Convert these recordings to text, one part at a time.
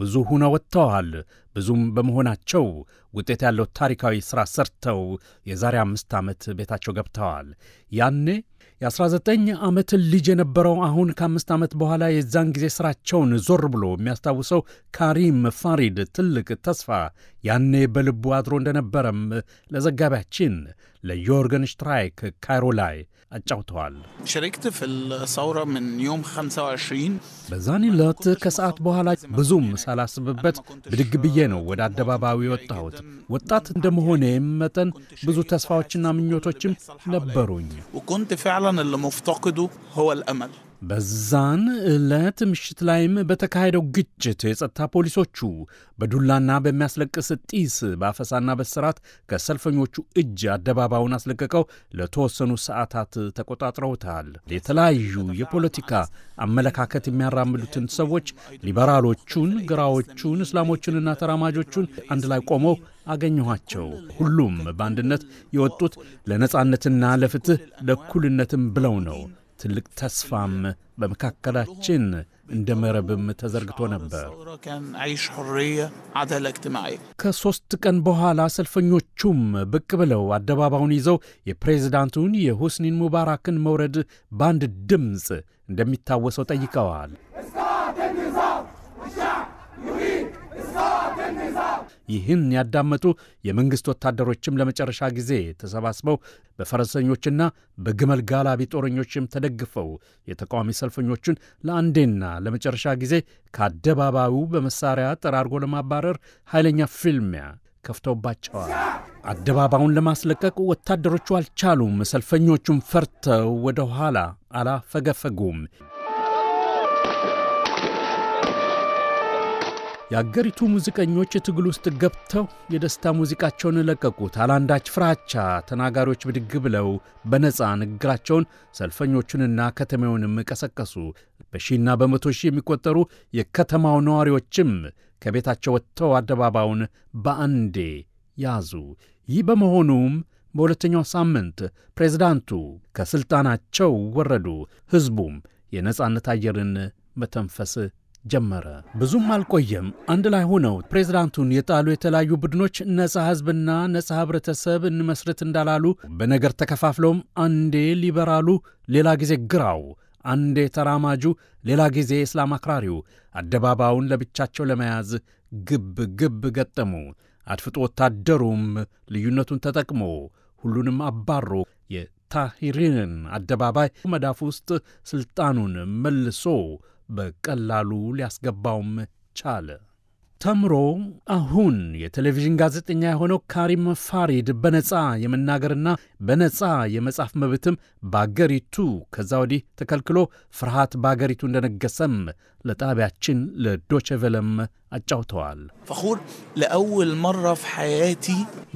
ብዙ ሆነው ወጥተዋል። ብዙም በመሆናቸው ውጤት ያለው ታሪካዊ ሥራ ሰርተው የዛሬ አምስት ዓመት ቤታቸው ገብተዋል። ያኔ የ19 ዓመት ልጅ የነበረው አሁን ከአምስት ዓመት በኋላ የዛን ጊዜ ሥራቸውን ዞር ብሎ የሚያስታውሰው ካሪም ፋሪድ ትልቅ ተስፋ ያኔ በልቡ አድሮ እንደነበረም ለዘጋቢያችን ለዮርገን ሽትራይክ ካይሮ ላይ አጫውተዋል። በዛን ዕለት ከሰዓት በኋላ ብዙም ሳላስብበት ብድግ ብዬ ነው ወደ አደባባዩ የወጣሁት። ወጣት እንደመሆኔም መጠን ብዙ ተስፋዎችና ምኞቶችም ነበሩኝ። በዛን ዕለት ምሽት ላይም በተካሄደው ግጭት የጸጥታ ፖሊሶቹ በዱላና በሚያስለቅስ ጢስ በአፈሳና በስራት ከሰልፈኞቹ እጅ አደባባዩን አስለቅቀው ለተወሰኑ ሰዓታት ተቆጣጥረውታል። የተለያዩ የፖለቲካ አመለካከት የሚያራምዱትን ሰዎች ሊበራሎቹን፣ ግራዎቹን፣ እስላሞቹንና ተራማጆቹን አንድ ላይ ቆመው አገኘኋቸው። ሁሉም በአንድነት የወጡት ለነጻነትና ለፍትህ ለእኩልነትም ብለው ነው። ትልቅ ተስፋም በመካከላችን እንደ መረብም ተዘርግቶ ነበር። ከሦስት ቀን በኋላ ሰልፈኞቹም ብቅ ብለው አደባባዩን ይዘው የፕሬዝዳንቱን የሁስኒን ሙባራክን መውረድ በአንድ ድምፅ እንደሚታወሰው ጠይቀዋል። ይህን ያዳመጡ የመንግሥት ወታደሮችም ለመጨረሻ ጊዜ ተሰባስበው በፈረሰኞችና በግመል ጋላቢ ጦረኞችም ተደግፈው የተቃዋሚ ሰልፈኞቹን ለአንዴና ለመጨረሻ ጊዜ ከአደባባዩ በመሳሪያ ጠራርጎ ለማባረር ኃይለኛ ፊልሚያ ከፍተውባቸዋል። አደባባዩን ለማስለቀቅ ወታደሮቹ አልቻሉም። ሰልፈኞቹም ፈርተው ወደ ኋላ አላፈገፈጉም። የአገሪቱ ሙዚቀኞች ትግል ውስጥ ገብተው የደስታ ሙዚቃቸውን ለቀቁት። አላንዳች ፍራቻ ተናጋሪዎች ብድግ ብለው በነፃ ንግግራቸውን ሰልፈኞቹንና ከተማውንም ቀሰቀሱ። በሺና በመቶ ሺህ የሚቆጠሩ የከተማው ነዋሪዎችም ከቤታቸው ወጥተው አደባባዩን በአንዴ ያዙ። ይህ በመሆኑም በሁለተኛው ሳምንት ፕሬዝዳንቱ ከሥልጣናቸው ወረዱ። ሕዝቡም የነፃነት አየርን መተንፈስ ጀመረ። ብዙም አልቆየም አንድ ላይ ሆነው ፕሬዝዳንቱን የጣሉ የተለያዩ ቡድኖች ነፃ ህዝብና ነፃ ህብረተሰብ እንመስርት እንዳላሉ በነገር ተከፋፍለውም አንዴ ሊበራሉ፣ ሌላ ጊዜ ግራው፣ አንዴ ተራማጁ፣ ሌላ ጊዜ የእስላም አክራሪው አደባባዩን ለብቻቸው ለመያዝ ግብ ግብ ገጠሙ። አድፍጦ ወታደሩም ልዩነቱን ተጠቅሞ ሁሉንም አባሮ የታሂሪንን አደባባይ መዳፍ ውስጥ ስልጣኑን መልሶ በቀላሉ ሊያስገባውም ቻለ። ተምሮ አሁን የቴሌቪዥን ጋዜጠኛ የሆነው ካሪም ፋሪድ በነፃ የመናገርና በነፃ የመጻፍ መብትም በአገሪቱ ከዛ ወዲህ ተከልክሎ ፍርሃት በአገሪቱ እንደነገሰም ለጣቢያችን ለዶቼ ቬለም አጫውተዋል። ፈኹር ለአውል መራ ፍ ሐያቲ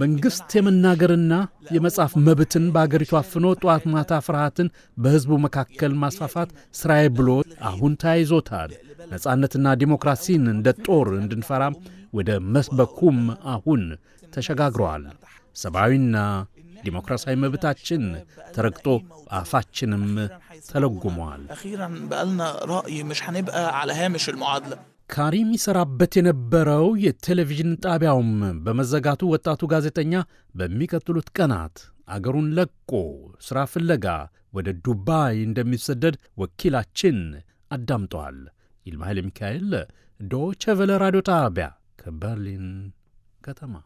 መንግሥት የመናገርና የመጻፍ መብትን በአገሪቱ አፍኖ ጠዋት ማታ ፍርሃትን በሕዝቡ መካከል ማስፋፋት ሥራዬ ብሎ አሁን ተያይዞታል። ነጻነትና ዲሞክራሲን እንደ ጦር እንድንፈራም ወደ መስበኩም አሁን ተሸጋግሯል። ሰብአዊና ዲሞክራሲያዊ መብታችን ተረግጦ አፋችንም ተለጉሟል። ካሪም ይሠራበት የነበረው የቴሌቪዥን ጣቢያውም በመዘጋቱ ወጣቱ ጋዜጠኛ በሚቀጥሉት ቀናት አገሩን ለቆ ሥራ ፍለጋ ወደ ዱባይ እንደሚሰደድ ወኪላችን አዳምጠዋል። ይልማ ኃይለ ሚካኤል ዶቸቨለ ራዲዮ ጣቢያ ከበርሊን ከተማ